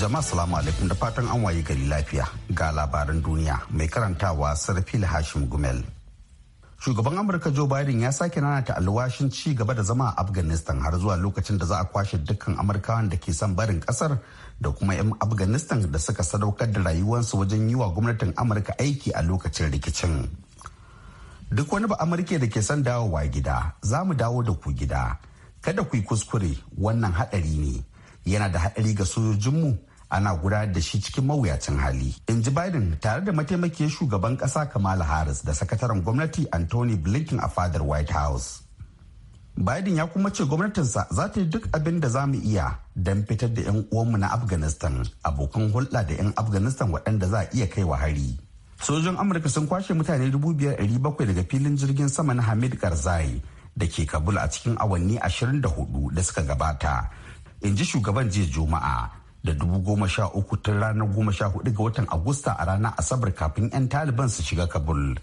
Jama'a salamu alaikum da fatan an waye gari lafiya ga labaran duniya mai karantawa Sarfil Hashim Gumel. Shugaban Amurka Joe Biden ya sake nanata alwashin ci gaba da zama a Afghanistan har zuwa lokacin da za a kwashe dukkan Amurkawan da ke son barin kasar da kuma 'yan Afghanistan da suka sadaukar da rayuwarsu wajen yi wa gwamnatin Amurka aiki a lokacin rikicin. Duk wani ba Amurka da ke son dawowa gida, za mu dawo da ku gida. Kada ku yi kuskure, wannan haɗari ne. Yana da haɗari ga sojojinmu ana gudanar da shi cikin mawuyacin hali in ji biden tare da mataimakiyar shugaban kasa kamala harris da sakataren gwamnati anthony blinken a fadar white house biden ya kuma ce gwamnatinsa za ta yi duk abin da za mu iya don fitar da 'yan uwanmu na afghanistan abokan hulɗa da 'yan afghanistan waɗanda za a iya kai wa hari sojojin amurka sun kwashe mutane 5,700 daga filin jirgin sama na hamid karzai da ke kabul a cikin awanni 24 da suka gabata in ji shugaban jiya juma'a da dubu goma sha uku tun ranar goma sha hudu ga watan agusta a ranar asabar kafin 'yan taliban su shiga kabul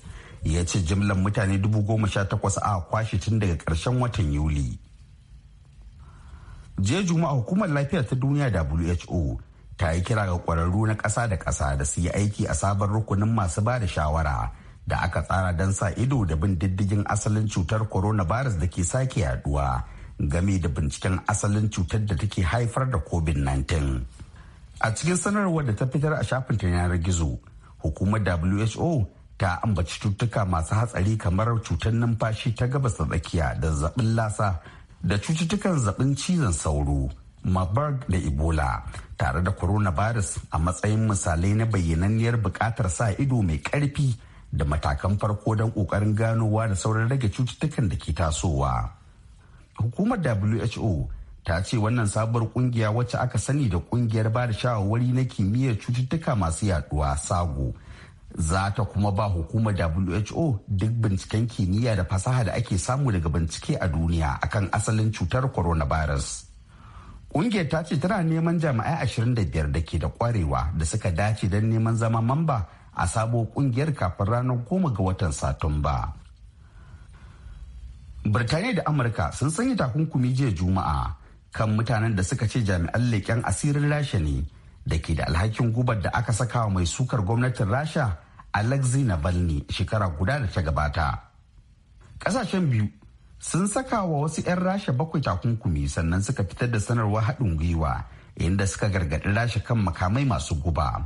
ya ce jimlar mutane dubu goma sha takwas a kwashe tun daga karshen watan yuli jiya juma'a hukumar lafiya ta duniya who ta yi kira ga kwararru na ƙasa da ƙasa da su yi aiki a sabon rukunin masu ba da shawara da aka tsara don sa ido da bin diddigin asalin cutar coronavirus da ke sake yaduwa game da binciken asalin cutar da take haifar da covid-19 a cikin sanarwar da ta fitar a shafin ta yanar gizo hukumar who ta ambaci cututtuka masu hatsari kamar cutar numfashi ta gabas da tsakiya da zaɓin lasa da cututtukan zaɓin cizon sauro marburg da ebola tare da coronavirus a matsayin misalai na bayyananniyar buƙatar sa ido mai ƙarfi da matakan farko don ƙoƙarin ganowa da sauran rage cututtukan da ke tasowa. hukumar who ta ce wannan sabuwar kungiya wacce aka sani da kungiyar ba da shawarwari na kimiyyar cututtuka masu yaduwa sago za ta kuma ba hukumar who duk binciken kimiyya da fasaha da ake samu daga bincike a duniya akan asalin cutar coronavirus kungiyar ta ce tana neman jami'ai 25 da ke da kwarewa da suka dace don neman zama mamba a sabuwar kungiyar kafin ranar goma ga watan satumba Birtaniya da Amurka sun sanya takunkumi jiya Juma'a kan mutanen da suka ce jami'an leƙen asirin Rasha ne da ke da alhakin gubar da aka saka wa mai sukar gwamnatin Rasha Alexei Navalny shekara guda da ta gabata. Ƙasashen biyu sun saka wa wasu 'yan Rasha bakwai takunkumi sannan suka fitar da sanarwar haɗin gwiwa inda suka gargaɗi Rasha kan makamai masu guba.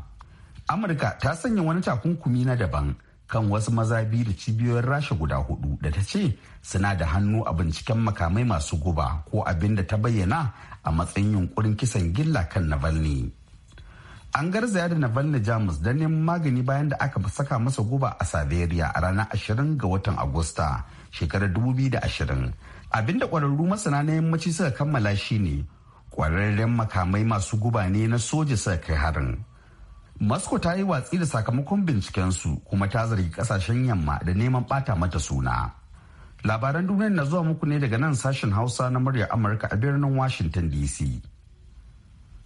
Amurka ta sanya wani takunkumi na daban kan wasu maza biyu da cibiyoyin rasha guda hudu da ta ce suna da hannu a binciken makamai masu guba ko abin da ta bayyana a matsayin yunkurin kisan gilla kan navalny an garzaya da navalny jamus don neman magani bayan da aka saka masa guba a siberia a ranar 20 ga watan agusta shekarar 2020 abinda kwararru masana na yammaci suka kammala shine kwararren makamai masu guba ne na soja suka kai harin Moscow ta yi watsi da sakamakon bincikensu kuma ta zargi kasashen yamma da neman bata mata suna. Labaran duniya na zuwa muku ne daga nan sashen Hausa na muryar Amurka a birnin Washington DC.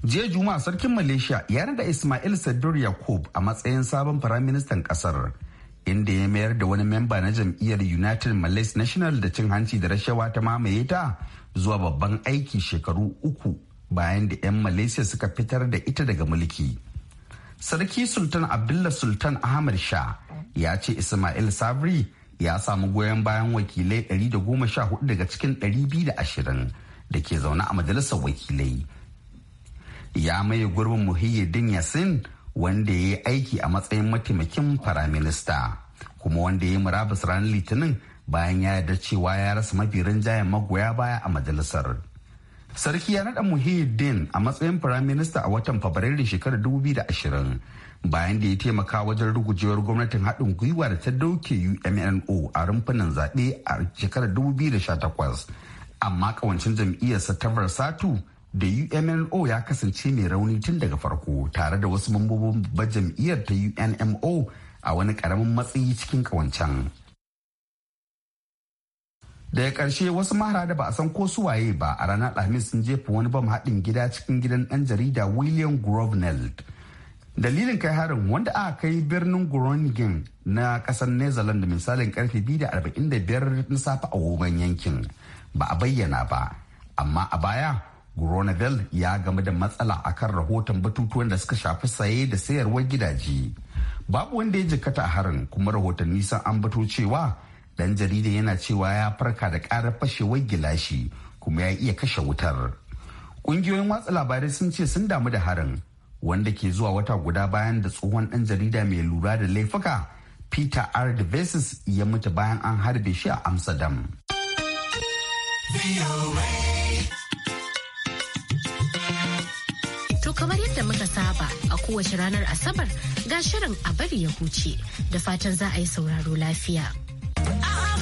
Jiya Juma'a sarkin Malaysia ya da Ismail Sadur Yakub a matsayin sabon firaministan kasar inda ya mayar da wani memba na jam'iyyar United Malays National da cin hanci da rashawa ta mamaye ta zuwa babban aiki shekaru uku bayan da 'yan Malaysia suka fitar da ita daga mulki. sarki sultan abdullah sultan ahmad sha ya ce ismail sabri ya samu goyon bayan wakilai 114 daga cikin 220 da ke zaune a majalisar wakilai ya maye gurbin muhyiddin yasin wanda ya yi aiki a matsayin mataimakin firaminista kuma wanda ya yi murabus ranar litinin bayan ya yarda cewa ya rasa mafi rinjayen magoya baya a majalisar. sarki ya naɗa muhyiddin a matsayin firaminista a watan Fabrairu shekarar 2020 bayan da ya taimaka wajen rugujewar gwamnatin haɗin gwiwa da ta dauke umno a rumfunan zaɓe a shekarar 2018 amma kawancin jam'iyyar satabar satu da umno ya kasance mai rauni tun daga farko tare da wasu mambobin jam'iyyar ta unmo a wani ƙaramin matsayi cikin kawancen. daga ƙarshe wasu mahara da ba a san ko su waye ba a ranar alhamis sun jefa wani bam haɗin gida cikin gidan ɗan jarida william grovenel dalilin kai harin wanda aka kai birnin groningen na ƙasar netherlands da misalin karfe 2.45 na safe a wogon yankin ba a bayyana ba amma a baya groveneld ya gamu da matsala a kan rahoton batutuwan da suka shafi saye da sayarwar gidaje babu wanda ya jikata a harin kuma rahotanni sun ambato cewa dan jarida yana cewa ya farka da karar fashewar gilashi kuma ya iya kashe wutar ƙungiyoyin watsa labarai sun ce sun damu da harin wanda ke zuwa wata guda bayan da tsohon dan jarida mai lura da laifuka peter r devesis ya mutu bayan an harbe shi a amsterdam kamar yadda muka saba a kowace ranar asabar ga shirin a bari ya huce da fatan za a yi sauraro lafiya.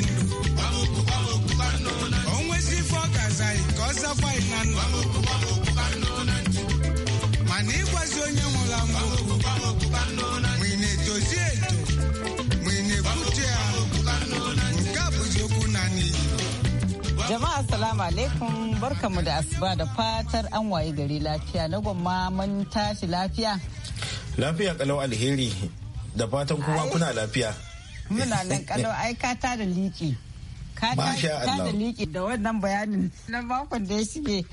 golden look. Always see for Kazai, cause of white man. Mani was your young lamb. We need to see it. We need to see it. Kapujokunani. Jama'a salamu alaikum barkamu da asuba da fatar an waye gari lafiya na gwamma mun tashi lafiya. Lafiya kalau alheri da fatan kuma kuna lafiya. muna nan kalau ai ka ta da liki ka ta da liki da wannan bayanin na makon da ya shige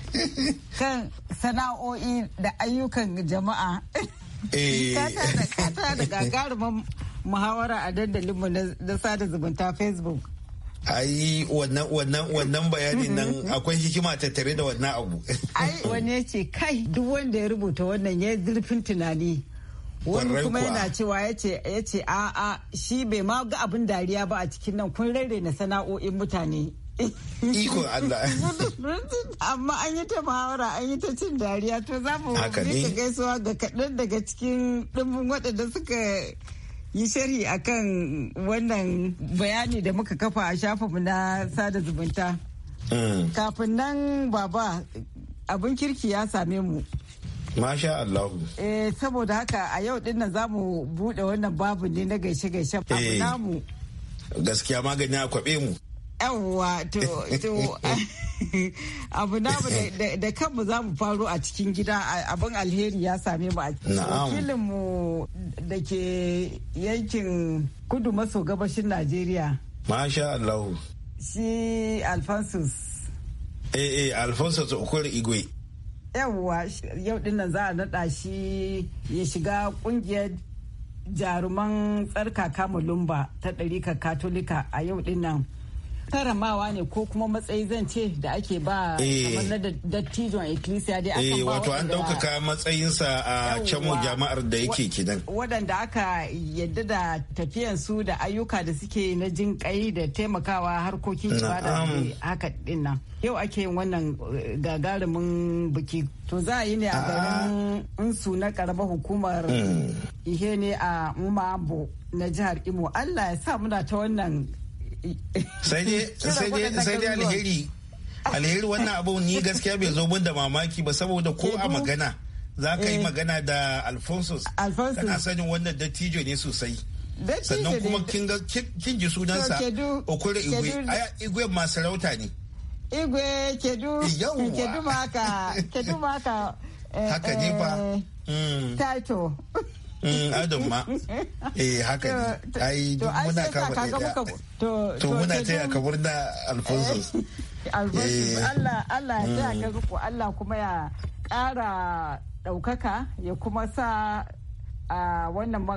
kan sana'o'i da ayyukan jama'a eh. ka ta da gagarumin muhawara a dandalinmu na sada zumunta facebook ai wannan wannan wannan bayani nan mm-hmm. akwai hikima tattare da wannan abu ai wane ce kai duk wanda ya rubuta wannan ya zurfin tunani wani kuma yana cewa ya ce a a shi bai ma ga abin dariya ba a cikin nan kun rairaina sana'o'in mutane ikon Allah amma an yi ta mahawara an yi ta cin dariya to za mu rika gaisuwa ga kaɗan daga cikin ɗimbin waɗanda suka yi sharhi akan wannan bayani da muka kafa a shafinmu na sada zumunta mm. kafin nan baba abin kirki ya same mu Masha Allahu. Eh saboda haka a yau din nan za mu buɗe wannan babu ne na gaishe-gaishe babu eh. namu. Gaskiya magani a kwaɓe mu. Yawwa to to abu namu da kanmu za mu faro a cikin gida abin alheri ya same mu a cikin mu da ke yankin kudu maso gabashin Najeriya. Masha Allahu. Shi Alphonsus. Eh eh Alphonsus Okwere Igwe. yawwa yau dinnan za a naɗa shi ya shiga kungiyar jaruman tsarkaka mulumba ta ɗarika katolika a yau dinnan karamawa ne ko kuma matsayi zan ce da ake ba eh. kamar na dattijon ecclesia dai aka eh, ba wato an ɗaukaka matsayinsa a camo jama'ar da yake kidan waɗanda aka yadda da tafiyan su da ayyuka da suke na jin kai da taimakawa harkokin da haka din yau ake yin wannan eh, gagarumin biki to za a yi ne a ah. garin insu na karamar hukumar hmm. ihe ne a umabo na jihar imo allah ya sa muna ta wannan sai dai alheri alheri wannan abu ni gaskiya bai zo min da mamaki ba saboda ko a magana za ka yi eh. magana da alfonso kana sanin wannan dattijo ne sosai sannan kuma kin ji sunansa okoro igwe igwe masu rauta ne igwe kedu kedu maka kedu maka eh, haka ne ba Mm, adon ma eh haka ne ai muna kama ɗaya to muna taya ka murna alfonso eh, eh. Allah Allah ta ka mm. riko Allah kuma ya ƙara ɗaukaka ya kuma sa a wannan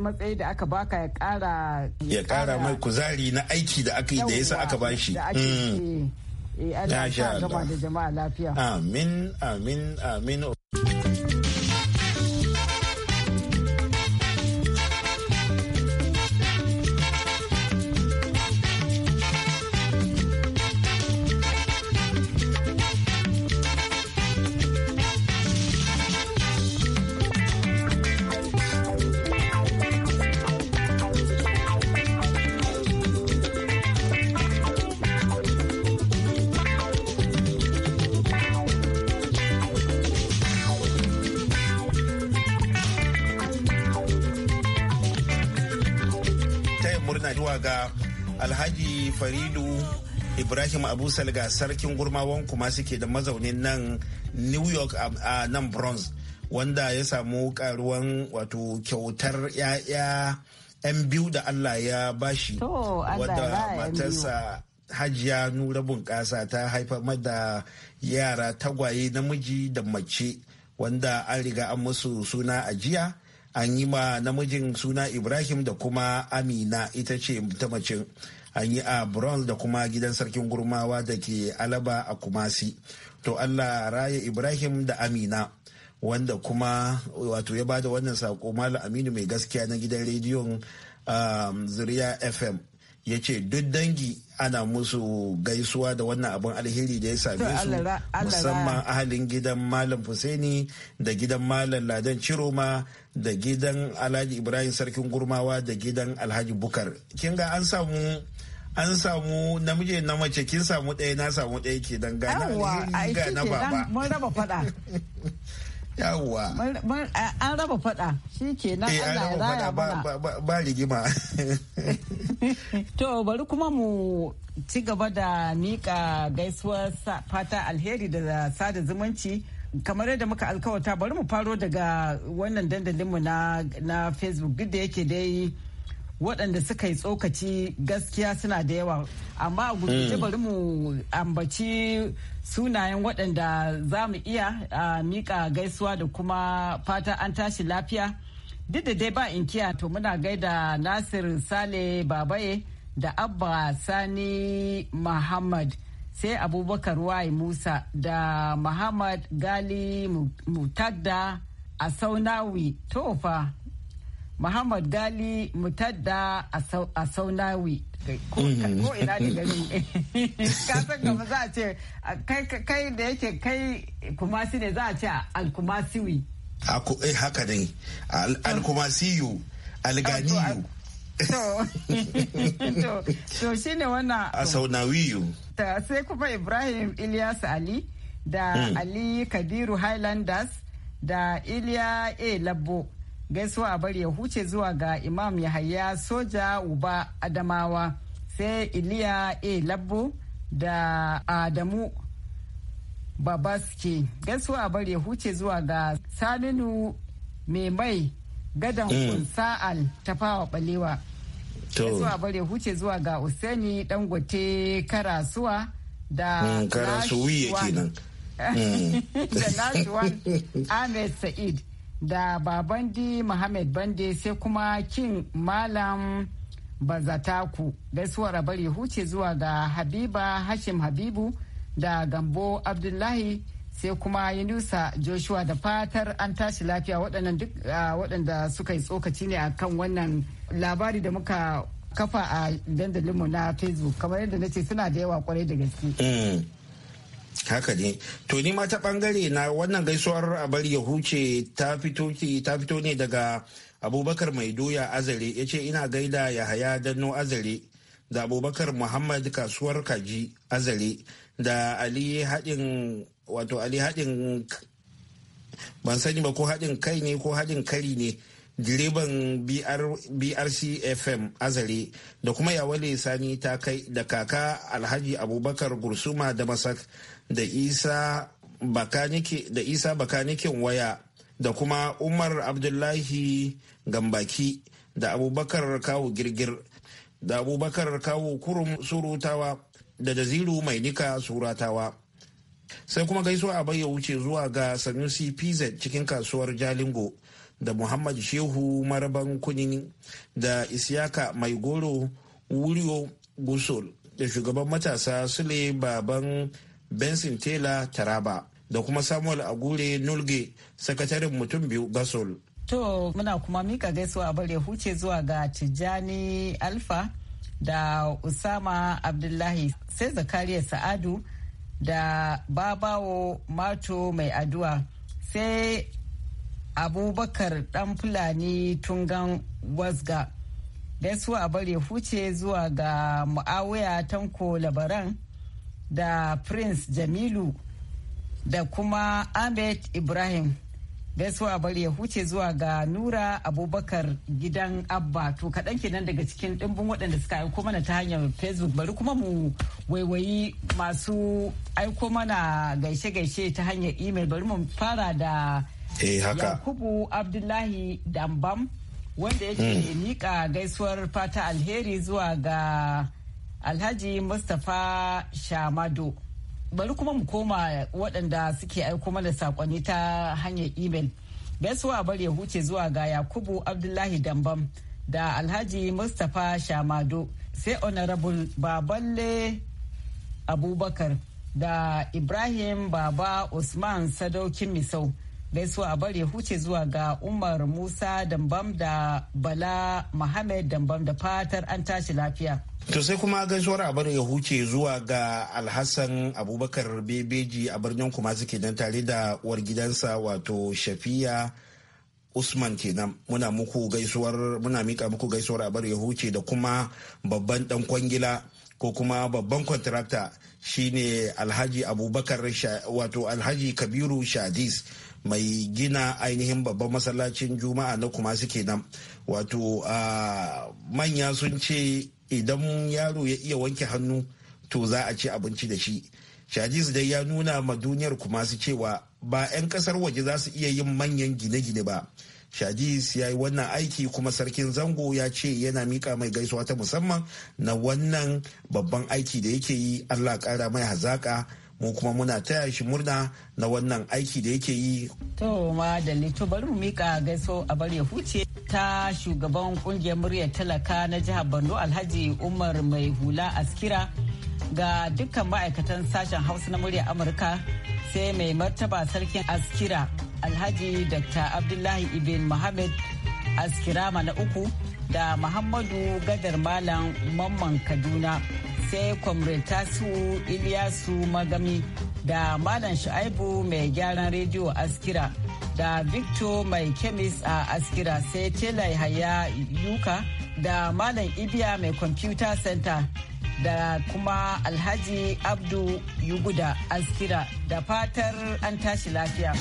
matsayi da aka baka ya kara. ya kara mai kuzari na aiki da aka yi da yasa aka bashi mm. eh, Allah ya gaba da jama'a lafiya amin amin amin daga alhaji faridu ibrahim abu salga sarkin gurmawan kuma suke da mazaunin nan new york a nan bronze wanda ya samu karuwan wato kyautar 'ya'ya 'yan biyu da allah ya bashi wadda matarsa hajiya nura bunƙasa ta haifar da yara tagwaye namiji da mace wanda an riga an musu suna a jiya an yi ma namijin suna ibrahim da kuma amina ita ce ta mace an yi a Brown da kuma gidan sarkin gurmawa da ke alaba a kumasi to allah raya ibrahim da amina wanda kuma wato ya bada wannan sako malam aminu mai gaskiya na gidan rediyon um, zuriya fm ya ce duk dangi ana musu gaisuwa da wannan abin alheri da ya same su musamman ahalin gidan malam Fuseni da gidan malam ladan ciroma da gidan alhaji ibrahim sarkin gurmawa da gidan alhaji bukar kin ga an samu an samu namiji na mace kin samu ɗaya na samu ɗaya ke dangane alheri ga na baba yawwa an raba fada shi ke nan eh, allah ya raya mana ba rigima to bari kuma mu ci gaba da mika gaisuwar fata alheri da sada zumunci kamar yadda muka alkawata bari mu faro daga wannan dandalinmu na facebook duk da yake dai waɗanda suka yi tsokaci gaskiya suna da yawa amma a guje hmm. bari mu ambaci sunayen waɗanda za mu iya a mika gaisuwa da kuma fata an tashi lafiya duk da dai ba in inkiya to muna gaida nasir sale babaye da abba sani muhammad sai abubakar wai musa da muhammad gali mutagda a saunawi tofa Muhammad Dali Mutadda a Saunawi. Mm. Ko ina da gari. Kasan gaba za a ce kai da yake kai kumasi ne za a ce alkumasiwi. Eh haka ne. Alkumasiyu. Alganiyu. To shi ne wannan. A Saunawiyu. Sai kuma Ibrahim Ilyas Ali da mm. Ali Kadiru Highlanders da Iliya A. Labbo. gaisuwa a bari ya huce zuwa ga imam yahaya soja uba adamawa sai iliya a labbo da adamu babaske gaisuwa a bari ya huce zuwa ga saninu mai mai gadan mm. sa'al tafawa balewa gaisuwa bari ya huce zuwa ga usaini dangote karasuwa da mm, karasuwa mm. da nashuwan ahmed sa'id da babandi Muhammad Bande sai kuma kin Malam Bazataku gaisuwar bari huce zuwa ga Habiba Hashim Habibu da Gambo Abdullahi sai kuma Yunusa Joshua da fatar an tashi lafiya waɗannan duk waɗanda suka yi tsokaci ne a kan wannan labari da muka kafa a dandalinmu na Facebook kamar yadda na ce suna da yawa kwarai da gaske. Mm. haka ne to ni ma ta bangare na wannan gaisuwar abar bari ya huce ta fito ne daga abubakar mai doya azare ya ce ina gaida yahaya danno azare da abubakar muhammad kasuwar kaji azare da ali haɗin wato ali haɗin ban sani ba ko haɗin kai ne ko haɗin kari ne direban brc fm azare da kuma yawale sani ta kai da kaka alhaji abubakar gursuma da masak da isa bakanikin waya da kuma umar abdullahi gambaki da abubakar kawo girgir da abubakar kawo kurum surutawa da jaziru mai nika suratawa sai kuma gaisuwa a ya wuce zuwa ga sanusi pz cikin kasuwar jalingo da muhammad shehu maraban kunin da isyaka mai goro wuriyo gusol da shugaban matasa sule baban benson taylor taraba da kuma samuel agure nulge sakataren mutum biyu Basol. to muna kuma mika gaisuwa bare huce zuwa ga tijjani alfa da usama abdullahi sai zakariya sa'adu da babawo mato mai addu'a sai abubakar dan fulani tungan wasga gaisuwa a bare huce zuwa ga mu'awuya tanko labaran da prince jamilu da kuma ahmed ibrahim gaisuwa bari ya huce zuwa ga nura abubakar gidan abba to kaɗan kenan daga cikin ɗimbin waɗanda suka aiko mana ta hanyar facebook bari kuma mu waiwayi masu aiko mana gaishe-gaishe ta hanyar email bari mu fara da eh, yakubu abdullahi dambam wanda yake mm. nika gaisuwar fata alheri zuwa ga alhaji mustapha shamado bari kuma mu koma waɗanda suke aiko mana sakonni ta hanyar imel gaisuwa bari ya huce zuwa ga yakubu abdullahi dambam da alhaji mustapha shamado sai honorable baballe abubakar da ibrahim baba usman sadaukin misau gaisuwa a ya huce zuwa ga umar musa dambam da bala muhammad dambam da fatar an tashi lafiya To sai kuma gaisuwar abar ya huce zuwa ga alhassan abubakar bebeji a birnin kuma suke nan tare da uwar gidansa wato shafiya usman kenan muna muku gaisuwar muna mika muku gaisuwar abar ya huce da kuma babban dan kwangila ko kuma babban kwantrakta shine alhaji abubakar wato alhaji kabiru shadis mai gina ainihin babban masallacin juma'a na kuma suke nan wato ah, manya sun ce idan yaro ya iya wanke hannu to za a ci abinci da shi shadis dai ya nuna ma duniyar ku masu cewa ba 'yan kasar waje za su iya yin manyan gine-gine ba shadis ya yi wannan aiki kuma sarkin zango ya ce yana mika mai gaisuwa ta musamman na wannan babban aiki da yake yi allah kara mai hazaka mu kuma muna taya shi murna na wannan aiki da yake yi. To ma da to bari mu mika gaiso a bar ya huce ta shugaban kungiyar muryar talaka na jihar Borno Alhaji Umar Mai Hula Askira ga dukkan ma'aikatan sashen Hausa na muryar Amurka sai mai martaba sarkin Askira Alhaji Dr. Abdullahi Ibn Muhammad Askira na uku da Muhammadu Gadar Malam Mamman Kaduna. sai kwamre tasu iliyasu magami da malam shu'aibu mai gyaran rediyo askira da victor mai kemis a askira sai telai haya yuka da malam ibiya mai computer center da kuma alhaji abdu yuguda askira da fatar an tashi lafiya.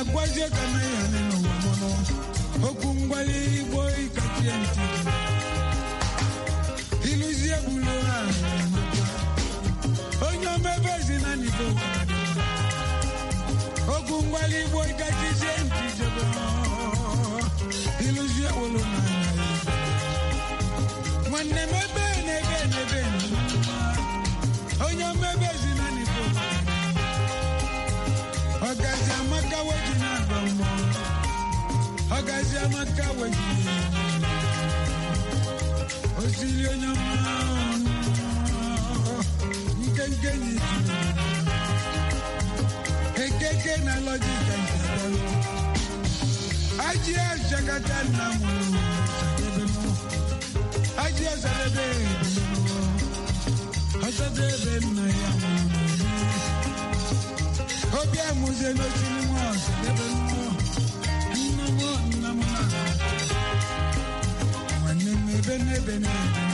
ga-agwazie kama ya n'ụwa mụnụ okwu ngwali igbo ịkatie ntị iluzie bulu ha onye omebe ezi na nibo okwu ngwali igbo ntị jebe iluzie nwanne ọgazi amaka wejiri osiri onye mma nkenke nyiji ekeke na lọjika nkebalụ aji ajakata nna m aji ọsadebe bene, bene.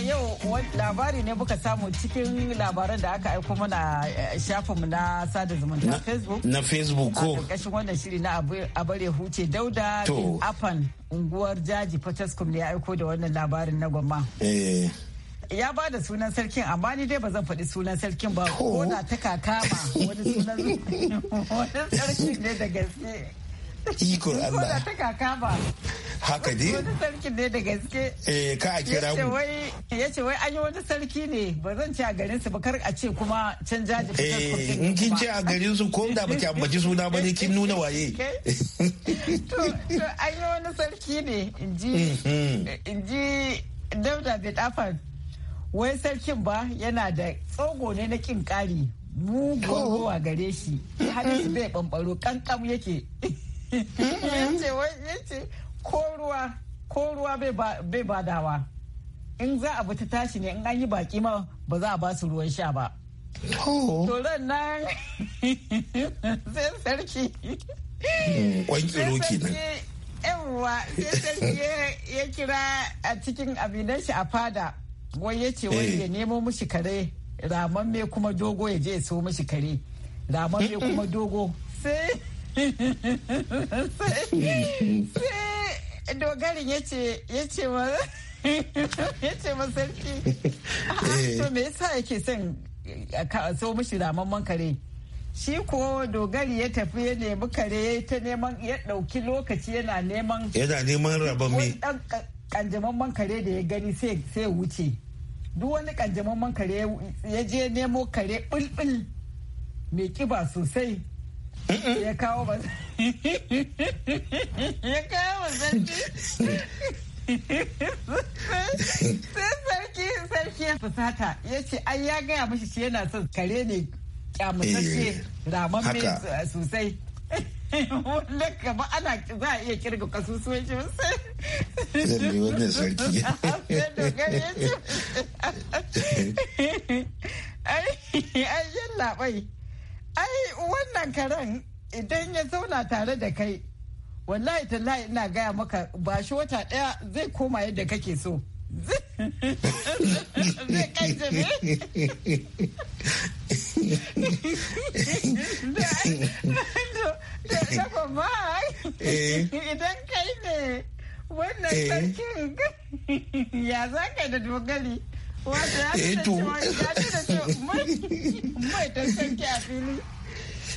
dama yau labari ne muka samu cikin labaran da aka aiko mana eh, shafinmu na sada zumunta na facebook na facebook ko A ƙarƙashin wannan shiri na abare huce dauda To afan unguwar jaji fataskum ne ya aiko da wannan labarin na gwamma eh. ya ba da sunan sarkin amma ni dai ba zan faɗi sunan sarkin ba ko na ta kakama wani sunan Sarkin ne da gaske ikon Allah ta kaka ba haka dai wani sarki ne da gaske eh ka a kira mu ya ce wai an yi wani sarki ne ba zan ci a garin su ba kar a ce kuma can jaji eh in kin ce a garin su ko da baki ambaci suna ba ne kin nuna waye to an yi wani sarki ne inji mm-hmm. inji dauda bai dafa wai sarkin ba yana da tsogo ne na kin kari mugun oh. ruwa gare shi hannun bai bambaro kankam yake yace ko ruwa ko ruwa bai badawa in za a ta tashi ne in an yi baki ma ba za a ba su ruwan sha ba to ran nan sai sarki kwan tsiro yawwa sai sarki ya kira a cikin abinan shi a fada wai ya ce wai eh. ya nemo mushi kare raman me kuma dogo ya je ya so mushi kare raman me kuma dogo sai sai dogarin ya ce ma sarki eh. ah, to me yasa yake son so mishi ramamman kare shi ko dogari ya tafi ya nemi kare ta neman ya ɗauki lokaci yana neman yana neman rabon me kanjamamman kare da ya gani sai wuce duk wani kanjamamman kare ya je nemo kare bulbul mai kiba sosai ya kawo ba ya kawo ba sarki sai sarki sarki ya fusata ya ce ai ya gaya mashi shi yana son kare ne kyamusashe eh, ramamme eh, sosai wanda kama ana za a iya kirga kasusuwan shi sai lalle wannan sarki ai ai yan labai ai wannan karen idan ya zauna tare da kai wallahi tallahi ina gaya maka ba shi wata daya zai koma yadda kake so zai kai eh. idan kai ne wannan eh. sarkin ya za da dogari eh to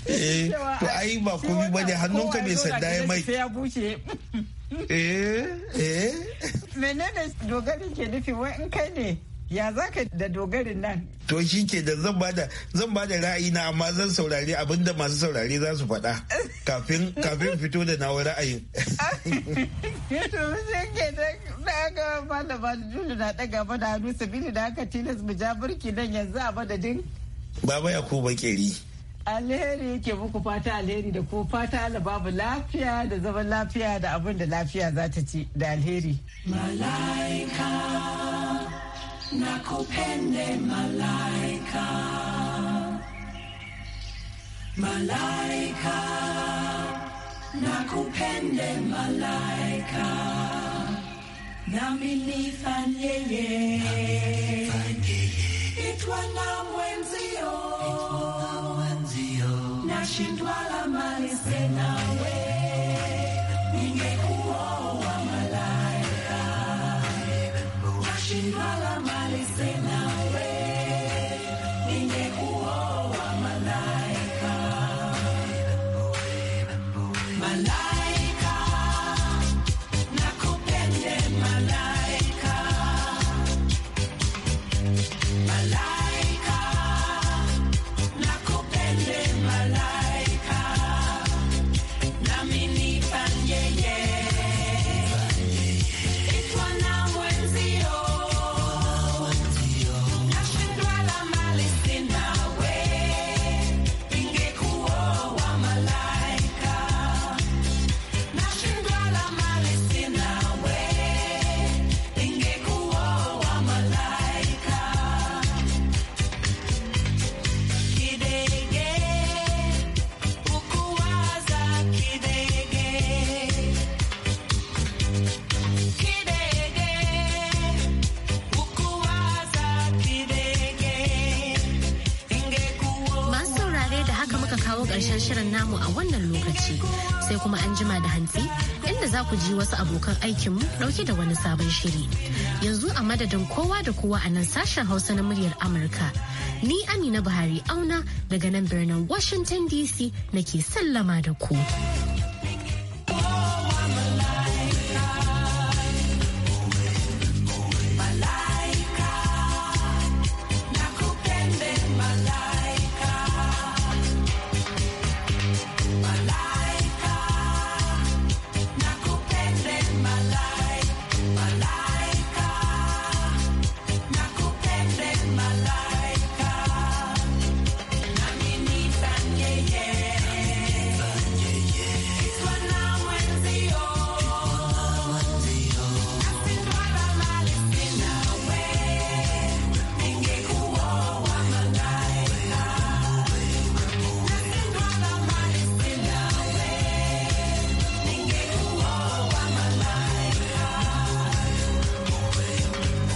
eh to ai ba komi bane hannunka ne sanda ya mai ya bushe eh eh menene dogari ke nufi wai in kai ne ya za da dogarin nan to shi ke da zan bada zan bada ra'ayi na amma zan saurari abinda masu saurari za su faɗa kafin kafin fito da nawa ra'ayin to shi ke da ga malama dole na daga mana hannu sabili da aka tilas mu ja burki nan yanzu a madadin baba ya ko bakeri alheri ke muku fata alheri da ku fata la babu lafiya da zaman lafiya da abin da lafiya za ta ci da alheri. Malaika. nakupende malaika malaika nakupende malaika nami nifanyeye itwa na mwenzio nashindwa la mali senawe ningekuoa malaika nashindwa la mali wasu abokan aikinmu ɗauke da wani sabon shiri. Yanzu a madadin kowa da kowa a nan sashen Hausa na muryar Amurka. Ni Amina Buhari auna daga nan birnin Washington DC nake sallama da ku.